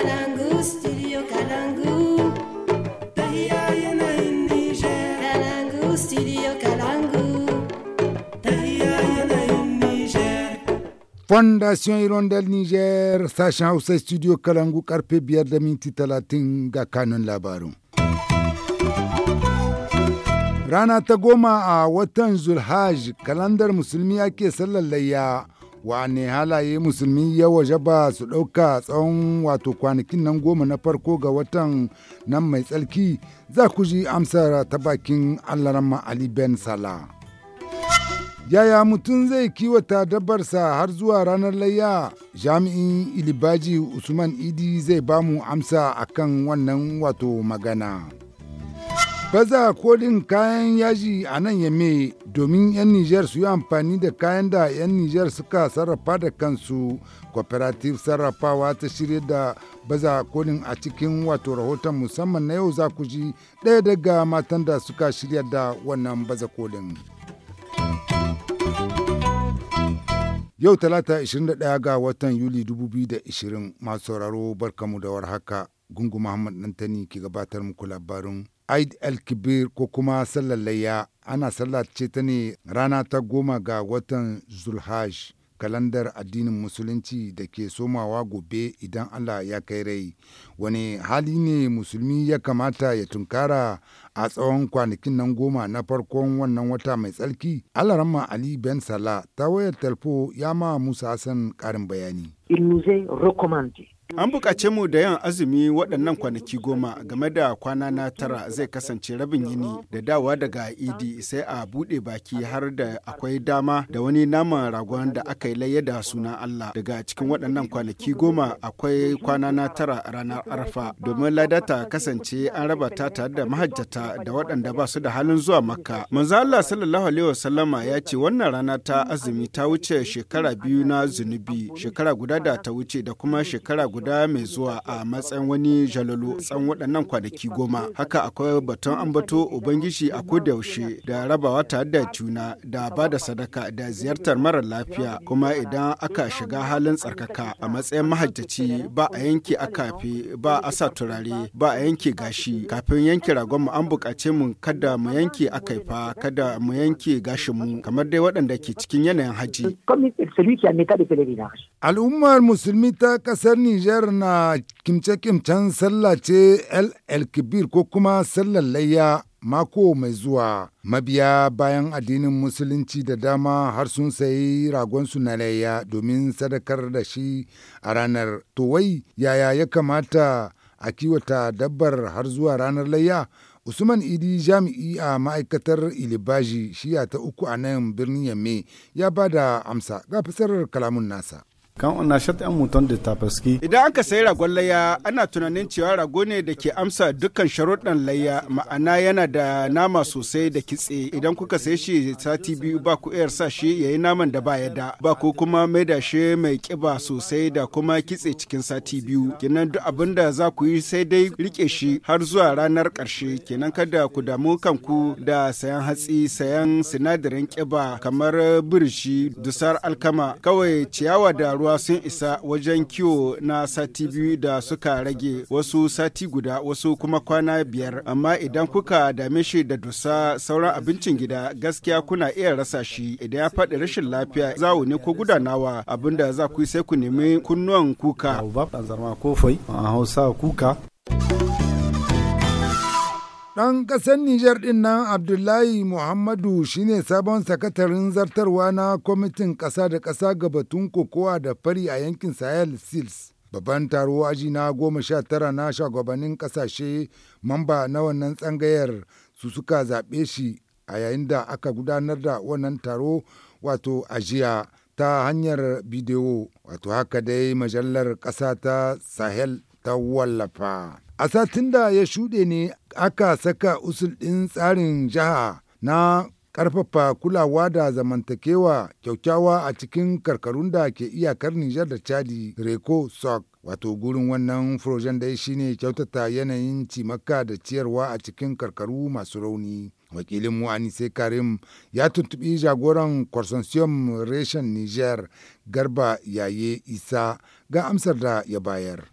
Kalangu, studio Fondation Hirondelle Niger, sashen Hausa studio Kalangu Karpe biyar da minti talatin ga kanun labaru Rana ta goma a watan Zulhaj, kalandar musulmi ake sallar layya. wane halaye musulmi ya waje ba su ɗauka tsawon wato kwanakin nan goma na farko ga watan nan mai tsarki za ku ji amsar ta bakin allarama ali ben sala yaya mutum zai kiwata dabarsa har zuwa ranar layya jami'in ilibaji usman idi zai bamu amsa akan wannan wato magana Baza kolin kayan yaji a nan yame domin 'yan Nijar su yi amfani da kayan da 'yan Nijar suka sarrafa da kansu. Cooperative sarrafawa ta shirya da baza kolin a cikin wato rahoton musamman na yau za ku ji ɗaya daga matan da suka shirya da wannan baza kolin. Yau talata 21 ga watan Yuli 2020 masu sauraro barkamu da warhaka. Gungu Muhammad Dantani ke gabatar muku labarin Eid al kibir ko kuma sallar layya ana sallar ce ta ne rana ta goma ga watan Zulhaj kalandar addinin musulunci da ke somawa gobe idan Allah ya kai rai wani hali ne musulmi ya kamata ya tunkara a tsawon kwanakin nan goma na farkon wannan wata mai tsarki alarama Ali Ben Sala ta wayar talfo ya ma Musa san karin bayani. An buƙace mu da yin azumi waɗannan kwanaki goma game da kwana na tara zai kasance rabin yini da dawa daga idi sai a buɗe baki har da akwai dama da wani naman ragon da aka yi layya da sunan Allah. Daga cikin waɗannan kwanaki goma akwai kwana na tara ranar arfa domin ladata kasance an raba ta tare da mahajjata da waɗanda ba su da halin zuwa makka. Manzo Allah sallallahu alaihi wasallama ya ce wannan rana ta azumi ta wuce shekara biyu na zunubi shekara guda da ta wuce da kuma shekara guda guda mai zuwa a matsayin wani jalalu tsan waɗannan kwanaki goma. Haka akwai batun ambato Ubangiji a kodayaushe da rabawa tare da juna da ba da sadaka da ziyartar mara lafiya kuma idan aka shiga halin tsarkaka a matsayin mahajjaci ba a yanke akafe ba a sa turare ba a yanke gashi kafin yanke ragon mu an buƙace mu kada mu yanke akaifa kada mu yanke gashin mu kamar dai waɗanda ke cikin yanayin haji. Al'ummar musulmi ta ƙasar Nijar Nijar na kimce-kimcen sallah ce El Kibir ko kuma sallar layya mako mai zuwa. Mabiya bayan addinin Musulunci da dama har sun sayi ragonsu na layya domin sadakar da shi a ranar. To wai yaya ya kamata a kiwata dabbar har zuwa ranar layya? Usman Idi jami'i a ma'aikatar Ilibaji shiya ta uku a nan birnin Yamme ya ba da amsa ga fasarar kalamun nasa. kan na achète un mutum da tafaski. idan aka sayi ragon layya ana tunanin cewa rago ne da ke amsa dukkan sharuɗan layya ma'ana yana da nama sosai da kitse idan kuka sayi shi sati biyu ba ku iya sa shi yayi naman da ba ya da ba ku kuma maida shi mai kiba sosai da kuma kitse cikin sati biyu kenan duk abin da za ku yi sai dai rike shi har zuwa ranar ƙarshe kenan kada ku damu kanku da sayan hatsi sayan sinadarin ƙiba kamar birshi dusar alkama kawai ciyawa da ruwa ruwa sun isa wajen kiwo na sati biyu da suka rage wasu sati guda wasu kuma kwana biyar amma idan kuka dame shi da dusa sauran abincin gida gaskiya kuna iya rasa shi idan ya faɗi rashin lafiya zawo ne ko gudanawa abinda za ku yi sai ku nemi kunnuwan kuka Ɗan ƙasar Nijar ɗin nan Abdullahi Muhammadu shine sabon sakataren zartarwa na kwamitin ƙasa da ƙasa ga batun kokowa da fari a yankin Sahel Seals. Babban taro aji na goma sha tara na shugabannin ƙasashe mamba na wannan tsangayar su suka zaɓe shi a yayin da aka gudanar da wannan taro wato ajiya ta hanyar bidiyo wato haka dai majallar ƙasa ta Sahel ta wallafa. A satin da ya shuɗe ne aka saka usul ɗin tsarin jiha na ƙarfafa kulawa da zamantakewa kyaukyawa a cikin karkarun da ke iyakar Nijar da Chadi, Reko, Sok. Wato gurin wannan furojen dai shine kyautata yanayin cimaka da ciyarwa a cikin karkaru masu rauni. wakilin mu sai karim ya tuntubi jagoran consortium reshen niger garba yaye isa ga amsar da ya bayar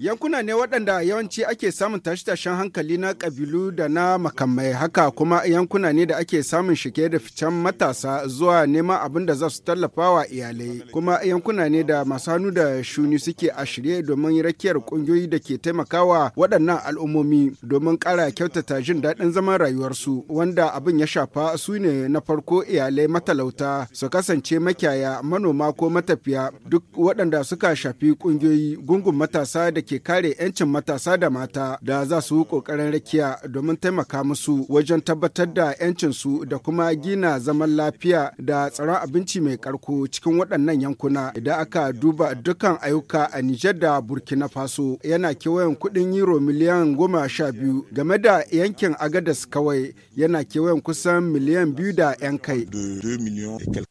Yankuna ne waɗanda yawanci ake samun tashe-tashen hankali na ƙabilu da na makamai haka kuma yankuna ne da ake samun shige da ficen matasa zuwa neman abin da za su tallafa wa iyalai kuma yankuna ne da masu hannu da shuni suke a shirye domin rakiyar ƙungiyoyi da ke taimakawa waɗannan al'ummomi domin ƙara kyautata jin daɗin zaman rayuwarsu wanda abin ya shafa su ne na farko iyalai matalauta su kasance makiyaya manoma ko matafiya duk waɗanda suka shafi ƙungiyoyi gungun gungun matasa da ke kare 'yancin matasa da mata da za su ƙoƙarin rakiya domin taimaka musu wajen tabbatar da 'yancinsu da kuma gina zaman lafiya da tsaron abinci mai karko cikin waɗannan yankuna idan aka duba dukkan ayyuka a Nijar da Burkina Faso yana kewayen kuɗin euro miliyan goma sha biyu game da yankin Agadas kawai yana kewayen kusan miliyan biyu da 'yan kai.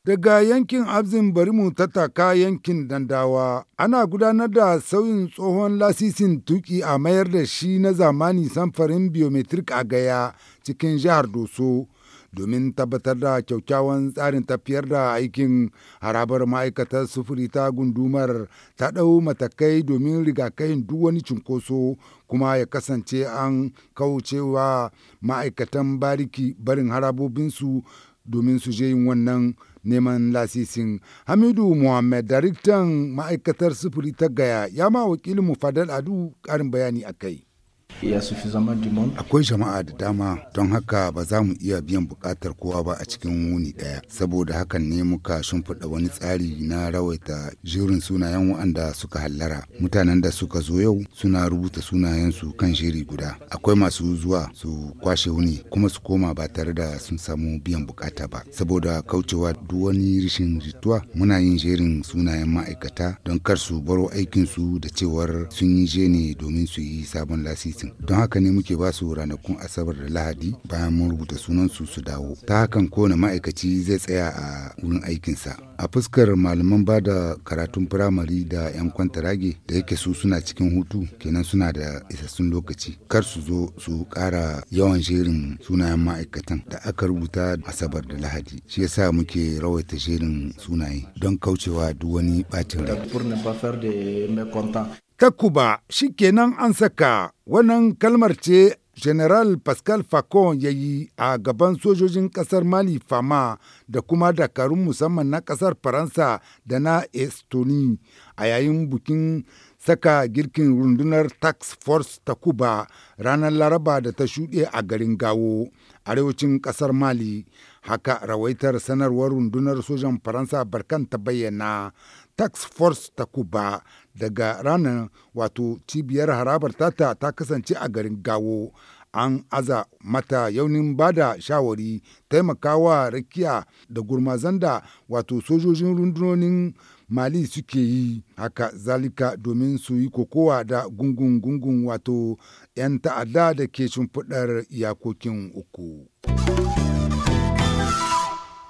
Daga yankin Abzin bari mu tattaka yankin Dandawa ana gudanar da sau sauyin tsohon lasisin tuki a mayar da shi na zamani samfarin biometric a gaya cikin jihar doso domin tabbatar da kyaukyawan tsarin tafiyar da aikin harabar ma'aikatar sufuri ta gundumar ta ɗau matakai domin rigakayin duk wani cunkoso kuma ya kasance an kaucewa ma'aikatan bariki barin harabobinsu domin su je yin wannan neman lasisin hamidu muhammed daraktan ma'aikatar sufuri ta gaya ya ma wakilin mu fadal adu karin bayani a kai ya dimon. Akwai jama'a da dama don haka ba za mu iya biyan bukatar kowa ba a cikin wuni daya Saboda hakan ne muka shimfiɗa wani tsari na rawaita jerin sunayen waɗanda suka hallara. Mutanen da suka zo yau suna rubuta sunayensu kan jeri guda. Akwai masu zuwa su kwashe wuni kuma su koma ba tare da sun samu biyan bukata ba. Saboda kaucewa duk wani rishin jituwa muna yin jerin sunayen ma'aikata don kar su baro aikinsu da cewar sun yi je ne domin su yi sabon lasisi. don haka ne muke ba su ranakun asabar da lahadi bayan mun rubuta sunansu su dawo ta hakan kowane ma'aikaci zai tsaya a wurin aikinsa a fuskar malaman ba da karatun firamare da 'yan kwantarage da yake su suna cikin hutu kenan suna da isassun lokaci kar su zo su ƙara yawan shirin sunayen ma'aikatan da aka rubuta asabar da lahadi shi yasa muke rawaita shirin sunaye don kaucewa duk wani bacin rai takuba shi kenan an saka wannan kalmar ce general pascal facon ya yi a gaban sojojin kasar mali fama da kuma dakarun musamman na kasar faransa da na estoni a yayin bukin saka girkin rundunar tax force ta kuba ranar laraba da ta shuɗe a garin gawo arewacin kasar mali haka rawaitar sanarwar rundunar sojan faransa barkan ta bayyana tax force ta kuba daga ranar wato cibiyar harabar tata ta kasance a garin gawo an aza mata yaunin bada shawari taimakawa rakiya da gurmazan da wato sojojin rundunonin mali suke yi haka zalika domin su yi kokowa da gungun-gungun wato 'yan ta'adda da ke shimfiɗar iyakokin uku.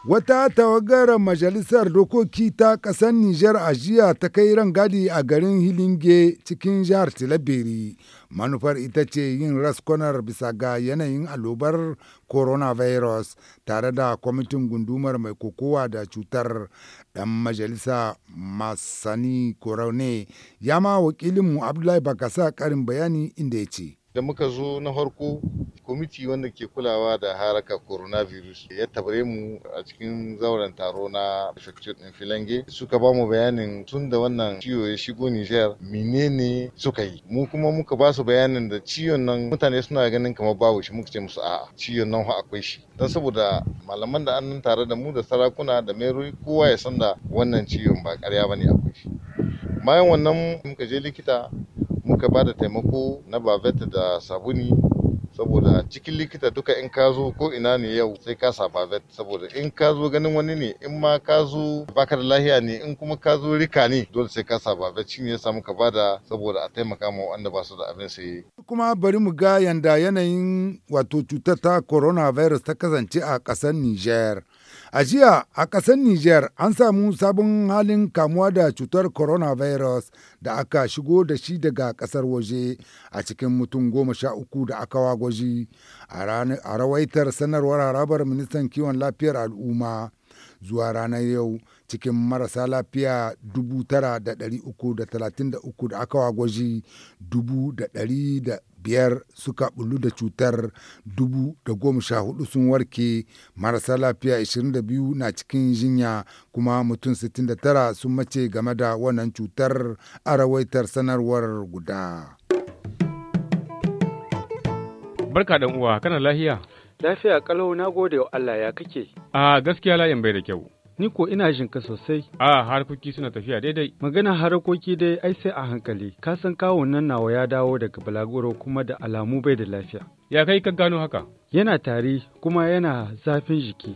Wata tawagar Majalisar Dokoki ta ƙasar Nijar a jiya ta kai rangadi a garin Hilinge cikin jihar Tilabiri. Manufar ita ce yin raskonar bisa ga yanayin allobar coronavirus tare da kwamitin gundumar mai kokowa da cutar ɗan majalisa Masani Korone. Yama wakilinmu Abdullahi Bakasa karin bayani inda ya ce. da muka zo na farko kwamiti wanda ke kulawa da haraka coronavirus ya tabare mu a cikin zauren taro na prefecture din filange suka ba mu bayanin tun da wannan ciwo ya shigo Nijar, menene suka yi mu kuma muka ba su bayanin da ciwon nan mutane suna ganin kamar babu shi muka ce musu a'a ciwon nan akwai shi don saboda malaman da annan tare da mu da sarakuna da meru, kowa ya san da wannan ciwon ba karya bane akwai shi bayan wannan muka je likita muka ba da taimako na bavette da sabuni saboda cikin likita duka in ka zo ko ina ne yau sai ka sa bavette saboda in ka zo ganin wani ne in ma ka zo baka da lahiya ne in kuma ka zo rika ne dole sai ka sa bavette shine yasa muka bada saboda a taimaka ma wanda ba su da abin sai kuma bari mu ga yanda yanayin wato cutar ta coronavirus ta kasance a ƙasar Niger A jiya a ƙasar Nijar an samu sabon halin kamuwa da cutar coronavirus da aka shigo da shi daga ƙasar waje a cikin mutum goma sha uku da aka wagwaji a rawaitar sanarwar harabar ministan kiwon lafiyar al'umma zuwa ranar yau cikin marasa lafiya tara da aka wagwaji da. biyar suka bulu da cutar dubu da goma sha hudu sun warke marasa lafiya 22 na cikin jinya kuma mutum 69 sun mace game da wannan cutar a sanarwar guda. Barka dan uwa kana lahiya? Lafiya kalau na gode wa Allah ya kake. A gaskiya layin bai da kyau. Ni ko ina jin ka sosai. A harkoki suna tafiya daidai. Magana harkoki dai ai sai a hankali. Ka san kawon nan nawa ya dawo daga balagoro kuma da alamu bai da lafiya. Ya kai ka gano haka? Yana tari kuma yana zafin jiki.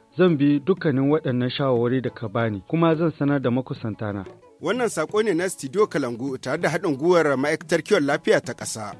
Zan bi dukkanin waɗannan shawarwari da ka bani, kuma zan sanar da makusantana. Wannan saƙo ne na Studio Kalangu tare da haɗin gwiwar ma'aikatar kiwon lafiya ta ƙasa.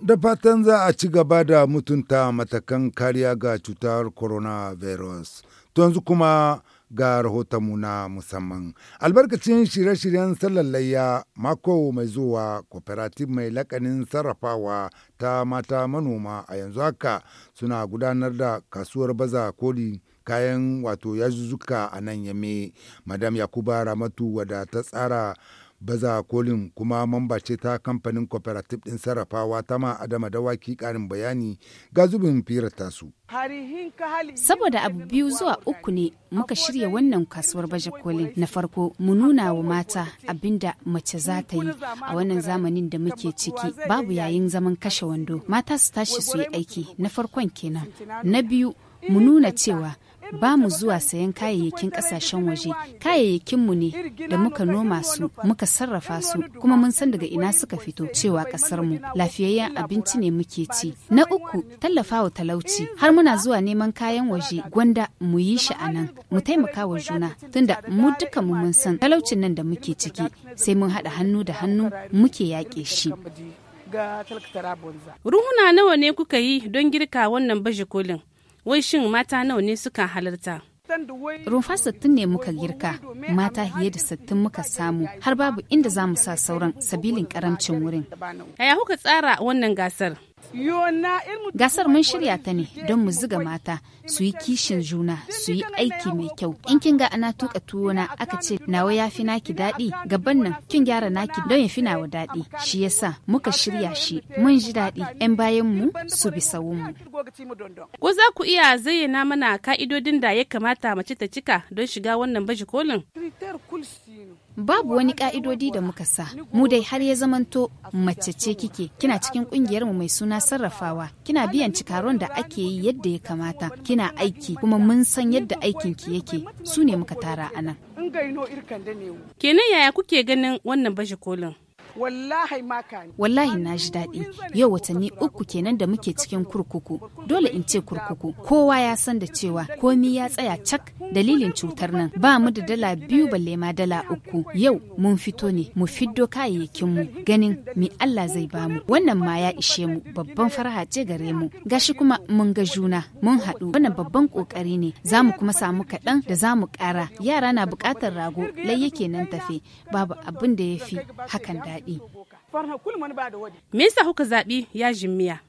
Da fatan za a ci gaba da mutunta matakan kariya ga cutar coronavirus. To yanzu kuma ga rahotonmu na musamman. Albarkacin shirye-shiryen sallar mako mai zuwa cooperative mai lakanin sarrafawa ta mata manoma a yanzu haka suna gudanar da kasuwar baza koli kayan wato ya yazuzzuka a nan yame. Madam Yakuba Ramatu wada ta tsara baza kolin kuma mamba ce ta kamfanin cooperative ɗin sarrafawa ta ma adama dawaki ƙarin bayani ga zubin firar su. Saboda abu biyu zuwa uku ne muka shirya wannan kasuwar baje kolin na farko mu nuna wa mata abinda mace za ta yi a wannan zamanin da muke ciki babu yayin zaman kashe wando mata su tashi su yi aiki na farkon kenan na biyu mu nuna cewa ba mu zuwa sayan kayayyakin kasashen waje kayayyakinmu ne da muka noma su muka sarrafa su kuma mun san daga ina suka fito cewa kasar mu lafiyayyen abinci ne muke ci na uku tallafawa talauci har muna zuwa neman kayan waje gwanda mu yi shi a nan mu taimaka wa juna tunda mu duka mu mun san talaucin nan da muke ciki sai mun haɗa hannu da hannu muke yaƙe shi ruhuna nawa ne kuka yi don girka wannan baje kolin wai shin mata nawa ne suka halarta Rumfa sittin ne muka girka, mata fiye da sittin muka samu, har babu inda za mu sa sauran sabilin karamcin wurin. Yaya kuka tsara wannan gasar? Gasar mun shirya ta ne don mu ziga mata su yi kishin juna su yi aiki mai kyau. In kin ga ana tuka tuwo na aka ce nawa ya fi naki daɗi gaban nan kin gyara naki don ya fi nawa daɗi. Shi yasa muka shirya shi mun ji daɗi 'yan bayan mu su bi sawun Ko za ku iya zayyana mana ka'idodin da ya kamata mace ta cika don shiga wannan baje kolin? babu wani ka'idodi da muka sa mu dai har ya zamanto mace ce kike kina cikin kungiyar mu mai suna sarrafawa kina biyan cikaron da ake yi yadda ya kamata kina aiki kuma mun san yadda aikin ki yake su ne muka tara anan kenan yaya kuke ganin wannan bashi kolin wallahi na ji daɗi yau watanni uku kenan da muke cikin kurkuku dole in ce kurkuku kowa ya san da cewa komi ya tsaya cak dalilin cutar nan ba mu da dala biyu balle ma dala uku yau mun fito ne mu fiddo kayayyakin mu ganin mi Allah zai ba mu. wannan ma ya ishe mu babban farha ce gare mu gashi kuma mun ga juna mun haɗu wannan babban kokari ne za mu kuma samu kaɗan da za mu ƙara yara na buƙatar rago lai yake nan tafe babu abin da ya fi hakan daɗi zaɓi. Me yasa kuka zaɓi yajin miya?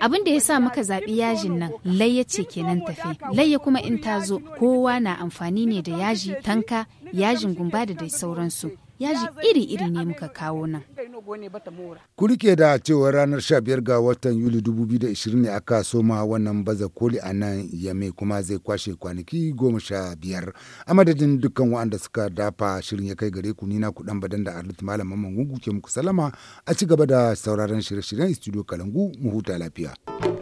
Abin da ya sa muka zaɓi yajin nan layya ce kenan tafe. Layya kuma in ta zo kowa na amfani ne da yaji tanka, yajin gumba da dai sauransu. Yaji iri-iri ne muka kawo nan. Ku rike da cewa ranar 15 ga watan Yuli 2020 ne aka soma wannan baza koli a nan yame kuma zai kwashe kwanaki 15 sha biyar. A madadin dukkan waɗanda suka dafa shirin ya kai gare ku nina kuɗan badan da Arlit Malam Mamman ke muku salama a ci gaba da sauraron shirye-shiryen Studio Kalangu mu huta lafiya.